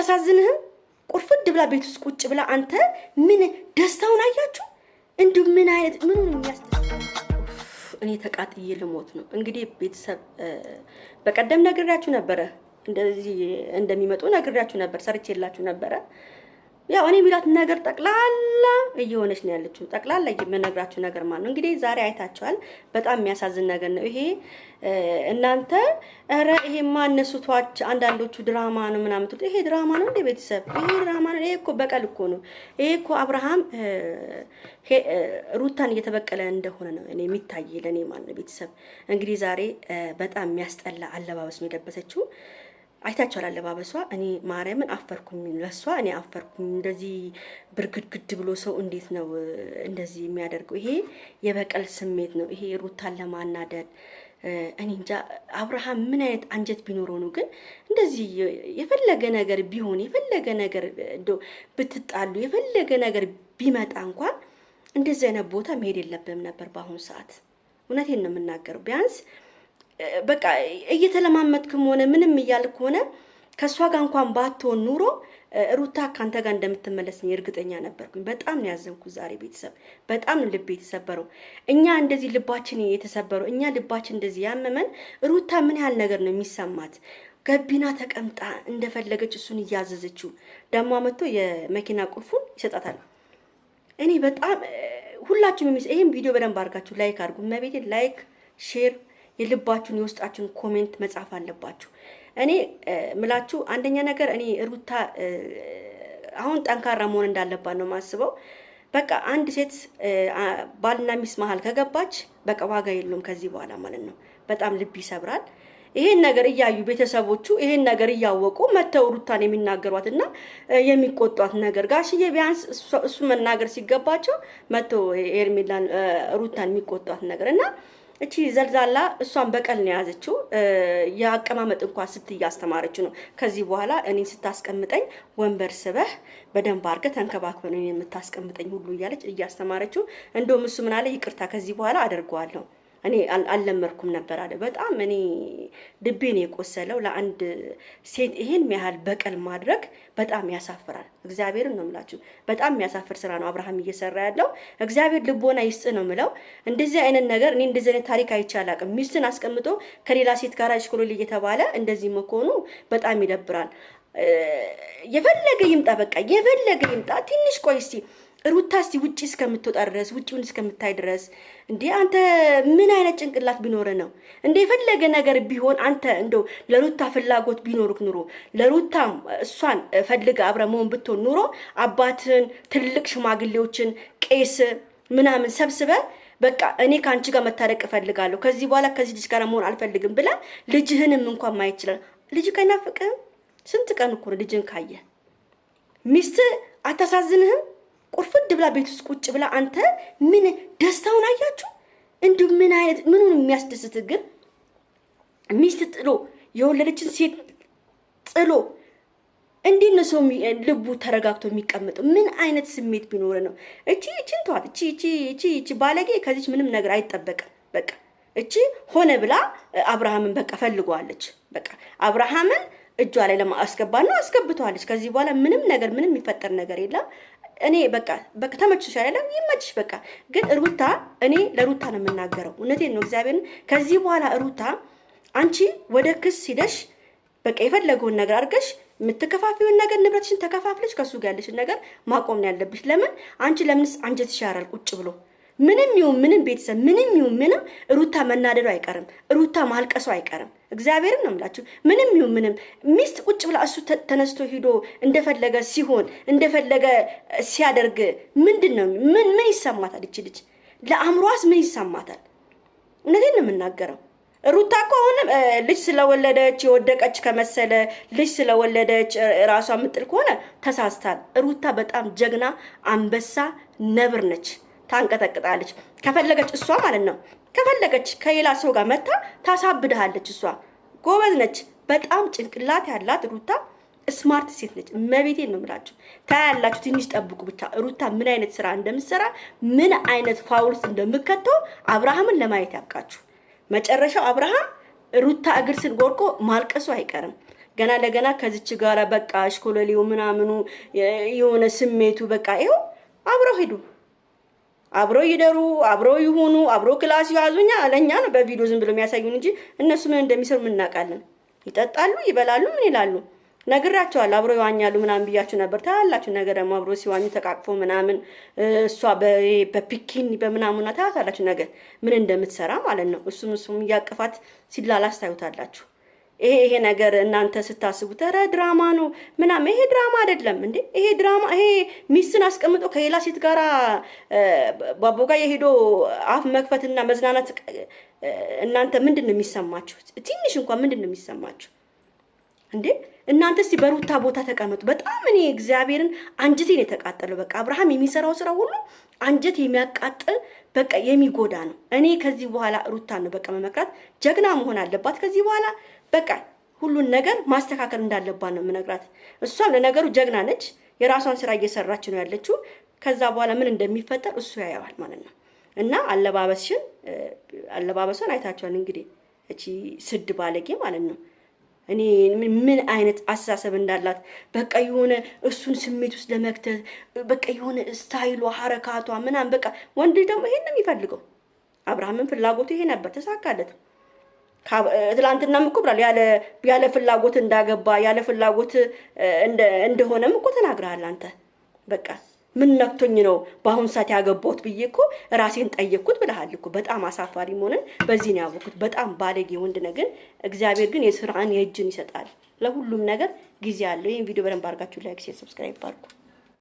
አታሳዝንህም? ቁርፍድ ብላ ቤት ውስጥ ቁጭ ብላ አንተ ምን ደስታውን አያችሁ? እንዲ ምን አይነት ምን የሚያስ እኔ ተቃጥዬ ልሞት ነው። እንግዲህ ቤተሰብ በቀደም ነግሬያችሁ ነበረ እንደዚህ እንደሚመጡ ነግሬያችሁ ነበር፣ ሰርቼላችሁ ነበረ። ያው እኔ የሚሏትን ነገር ጠቅላላ እየሆነች ነው ያለችው። ጠቅላላ የምነግራችሁ ነገር ማለት ነው እንግዲህ ዛሬ አይታችኋል። በጣም የሚያሳዝን ነገር ነው ይሄ። እናንተ ኧረ ይሄማ እነሱ ተዋች። አንዳንዶቹ ድራማ ነው ምናምን ትሉ። ይሄ ድራማ ነው እንደ ቤተሰብ፣ ይሄ ድራማ ነው። ይሄ እኮ በቀል እኮ ነው። ይሄ እኮ አብርሃም ሩታን እየተበቀለ እንደሆነ ነው እኔ የሚታይ ለእኔ ማለት ነው ቤተሰብ። እንግዲህ ዛሬ በጣም የሚያስጠላ አለባበስ ነው የለበሰችው። አይታችኋል አለባበሷ። እኔ ማርያምን አፈርኩኝ፣ ለሷ እኔ አፈርኩኝ። እንደዚህ ብርግድግድ ብሎ ሰው እንዴት ነው እንደዚህ የሚያደርገው? ይሄ የበቀል ስሜት ነው። ይሄ ሩታን ለማናደድ እኔ እንጃ። አብርሃም ምን አይነት አንጀት ቢኖረው ነው ግን እንደዚህ የፈለገ ነገር ቢሆን የፈለገ ነገር ብትጣሉ የፈለገ ነገር ቢመጣ እንኳን እንደዚህ አይነት ቦታ መሄድ የለብንም ነበር በአሁኑ ሰዓት። እውነቴን ነው የምናገረው ቢያንስ በቃ እየተለማመጥክም ሆነ ምንም እያልክ ሆነ ከእሷ ጋር እንኳን ባትሆን ኑሮ ሩታ ከአንተ ጋር እንደምትመለስኝ እርግጠኛ ነበርኩኝ። በጣም ነው ያዘንኩት ዛሬ ቤተሰብ፣ በጣም ነው ልቤ የተሰበረው። እኛ እንደዚህ ልባችን የተሰበረው እኛ ልባችን እንደዚህ ያመመን ሩታ ምን ያህል ነገር ነው የሚሰማት? ገቢና ተቀምጣ እንደፈለገች እሱን እያዘዘችው ደግሞ መጥቶ የመኪና ቁልፉን ይሰጣታል። እኔ በጣም ሁላችሁም ይህም ቪዲዮ በደንብ አድርጋችሁ ላይክ አድርጉ። መቤቴ ላይክ ሼር የልባችሁን የውስጣችሁን ኮሜንት መጻፍ አለባችሁ። እኔ ምላችሁ አንደኛ ነገር እኔ ሩታ አሁን ጠንካራ መሆን እንዳለባት ነው የማስበው። በቃ አንድ ሴት ባልና ሚስት መሀል ከገባች በቃ ዋጋ የለውም ከዚህ በኋላ ማለት ነው። በጣም ልብ ይሰብራል። ይሄን ነገር እያዩ ቤተሰቦቹ ይሄን ነገር እያወቁ መተው ሩታን የሚናገሯት እና የሚቆጧት ነገር ጋሽዬ ቢያንስ እሱ መናገር ሲገባቸው መተው ኤርሜላን ሩታን የሚቆጧት ነገር እና እቺ ዘልዛላ እሷን በቀል ነው የያዘችው። የአቀማመጥ እንኳን ስት እያስተማረችው ነው። ከዚህ በኋላ እኔ ስታስቀምጠኝ ወንበር ስበህ በደንብ አድርገህ ተንከባክበህ ነው የምታስቀምጠኝ ሁሉ እያለች እያስተማረችው። እንደውም እሱ ምናለ ይቅርታ ከዚህ በኋላ አደርገዋለሁ እኔ አልለመድኩም ነበር አለ። በጣም እኔ ልቤን የቆሰለው ለአንድ ሴት ይሄን ያህል በቀል ማድረግ በጣም ያሳፍራል። እግዚአብሔርን ነው የምላችሁ፣ በጣም የሚያሳፍር ስራ ነው አብርሃም እየሰራ ያለው። እግዚአብሔር ልቦና ይስጥ ነው የምለው። እንደዚህ አይነት ነገር እኔ እንደዚህ አይነት ታሪክ አይቼ አላውቅም። ሚስትን አስቀምጦ ከሌላ ሴት ጋር እሽኮሎሌ እየተባለ እንደዚህ መኮኑ በጣም ይደብራል። የፈለገ ይምጣ፣ በቃ የፈለገ ይምጣ። ትንሽ ቆይ እስኪ ሩታ እስቲ ውጪ እስከምትወጣ ድረስ ውጪውን እስከምታይ ድረስ እንዴ አንተ ምን አይነት ጭንቅላት ቢኖረ ነው እንደ የፈለገ ነገር ቢሆን አንተ እንደው ለሩታ ፍላጎት ቢኖሩክ ኑሮ ለሩታ እሷን ፈልገ አብረ መሆን ብትሆን ኑሮ አባትን፣ ትልቅ ሽማግሌዎችን፣ ቄስ ምናምን ሰብስበ በቃ እኔ ከአንቺ ጋር መታረቅ እፈልጋለሁ ከዚህ በኋላ ከዚህ ልጅ ጋር መሆን አልፈልግም ብላ ልጅህንም እንኳን ማየት ይችላል። ልጅ ከናፍቅህም ስንት ቀን እኮ ልጅን ካየ ሚስት አታሳዝንህም? ቁርፍድ ብላ ቤት ውስጥ ቁጭ ብላ አንተ ምን ደስታውን አያችሁ? እንዲሁ ምን አይነት ምኑን የሚያስደስት ግን ሚስት ጥሎ የወለደችን ሴት ጥሎ እንዴት ነው ሰው ልቡ ተረጋግቶ የሚቀመጠው? ምን አይነት ስሜት ቢኖር ነው? እቺ እቺን ተዋት። እቺ እቺ እቺ እቺ ባለጌ ከዚች ምንም ነገር አይጠበቅም። በቃ እቺ ሆነ ብላ አብርሃምን በቃ ፈልገዋለች። በቃ አብርሃምን እጇ ላይ ለማስገባት ነው አስገብተዋለች። ከዚህ በኋላ ምንም ነገር ምንም የሚፈጠር ነገር የለም። እኔ በቃ በቃ ተመችሽ አይደለም ይመችሽ። በቃ ግን ሩታ እኔ ለሩታ ነው የምናገረው። እውነቴን ነው እግዚአብሔርን። ከዚህ በኋላ ሩታ አንቺ ወደ ክስ ሂደሽ በቃ የፈለገውን ነገር አድርገሽ የምትከፋፊውን ነገር ንብረትሽን ተከፋፍለሽ ከሱ ጋር ያለሽን ነገር ማቆም ነው ያለብሽ። ለምን አንቺ ለምንስ አንጀት ይሻራል ቁጭ ብሎ ምንም ይሁን ምንም ቤተሰብ ምንም ይሁን ምንም ሩታ መናደዱ አይቀርም፣ ሩታ ማልቀሱ አይቀርም። እግዚአብሔርን ነው የምላችሁ። ምንም ይሁን ምንም ሚስት ቁጭ ብላ እሱ ተነስቶ ሂዶ እንደፈለገ ሲሆን እንደፈለገ ሲያደርግ ምንድን ነው ምን ምን ይሰማታል? ይች ልጅ ለአእምሯስ ምን ይሰማታል? እውነቴን ነው የምናገረው። ሩታ እኮ አሁንም ልጅ ስለወለደች የወደቀች ከመሰለ ልጅ ስለወለደች ራሷ ምጥል ከሆነ ተሳስታል። ሩታ በጣም ጀግና አንበሳ ነብር ነች። ታንቀጠቅጣለች። ከፈለገች እሷ ማለት ነው ከፈለገች ከሌላ ሰው ጋር መታ ታሳብድሃለች። እሷ ጎበዝ ነች፣ በጣም ጭንቅላት ያላት ሩታ ስማርት ሴት ነች። እመቤቴን ነው የምላችሁ። ታያላችሁ። ትንሽ ጠብቁ ብቻ ሩታ ምን አይነት ስራ እንደምትሰራ ምን አይነት ፋውልስ ውስጥ እንደምከተው አብርሃምን ለማየት ያብቃችሁ። መጨረሻው አብርሃም ሩታ እግር ስር ወድቆ ማልቀሱ አይቀርም። ገና ለገና ከዚች ጋር በቃ እሽኮሎሌው ምናምኑ የሆነ ስሜቱ በቃ ይኸው አብረው ሄዱ። አብሮ ይደሩ፣ አብሮ ይሁኑ፣ አብሮ ክላስ ያዙኛ ለእኛ ነው በቪዲዮ ዝም ብሎ የሚያሳዩን እንጂ እነሱ ምን እንደሚሰሩ ምን እናውቃለን? ይጠጣሉ፣ ይበላሉ፣ ምን ይላሉ? ነግራቸዋል። አብሮ ይዋኛሉ ምናምን ብያችሁ ነበር። ታያላችሁ ነገር ደግሞ አብሮ ሲዋኙ ተቃቅፎ ምናምን እሷ በፒኪኒ በምናምና ታያታላችሁ ነገር ምን እንደምትሰራ ማለት ነው። እሱም እሱም እያቅፋት ሲላላስ ታዩታላችሁ። ይሄ ይሄ ነገር እናንተ ስታስቡት ኧረ ድራማ ነው ምናምን፣ ይሄ ድራማ አይደለም እንዴ! ይሄ ድራማ ይሄ ሚስትን አስቀምጦ ከሌላ ሴት ጋር ባቦ ጋር የሄዶ አፍ መክፈትና መዝናናት እናንተ ምንድን ነው የሚሰማችሁ? ትንሽ እንኳን ምንድን ነው የሚሰማችሁ እንዴ? እናንተ እስቲ በሩታ ቦታ ተቀመጡ። በጣም እኔ እግዚአብሔርን አንጀቴን የተቃጠለው በቃ አብርሃም የሚሰራው ስራ ሁሉ አንጀት የሚያቃጥል በቃ የሚጎዳ ነው። እኔ ከዚህ በኋላ ሩታ ነው በቃ መመክራት ጀግና መሆን አለባት ከዚህ በኋላ በቃ ሁሉን ነገር ማስተካከል እንዳለባት ነው የምነግራት። እሷም ለነገሩ ጀግና ነች። የራሷን ስራ እየሰራች ነው ያለችው። ከዛ በኋላ ምን እንደሚፈጠር እሱ ያየዋል ማለት ነው። እና አለባበስሽን አለባበሷን አይታችኋል እንግዲህ እቺ ስድ ባለጌ ማለት ነው። እኔ ምን አይነት አስተሳሰብ እንዳላት በቃ የሆነ እሱን ስሜት ውስጥ ለመክተት በቃ የሆነ ስታይሏ፣ ሀረካቷ ምናምን በቃ ወንድ ደግሞ ይሄን ነው የሚፈልገው። አብርሃምን ፍላጎቱ ይሄ ነበር፣ ተሳካለት። ትላንትናም እኮ ብሏል። ያለ ፍላጎት እንዳገባ ያለ ፍላጎት እንደሆነም እኮ ተናግረሃል አንተ። በቃ ምን ነክቶኝ ነው በአሁን ሰዓት ያገባሁት ብዬ እኮ ራሴን ጠየቅኩት ብለሃል እኮ። በጣም አሳፋሪ መሆንን በዚህ ነው ያወቅኩት። በጣም ባለጌ ወንድ ነህ። ግን እግዚአብሔር ግን የስራን የእጅን ይሰጣል። ለሁሉም ነገር ጊዜ አለው። ይህን ቪዲዮ በደንብ አድርጋችሁ ላይክ፣ ሼር፣ ሰብስክራይብ አድርጉ።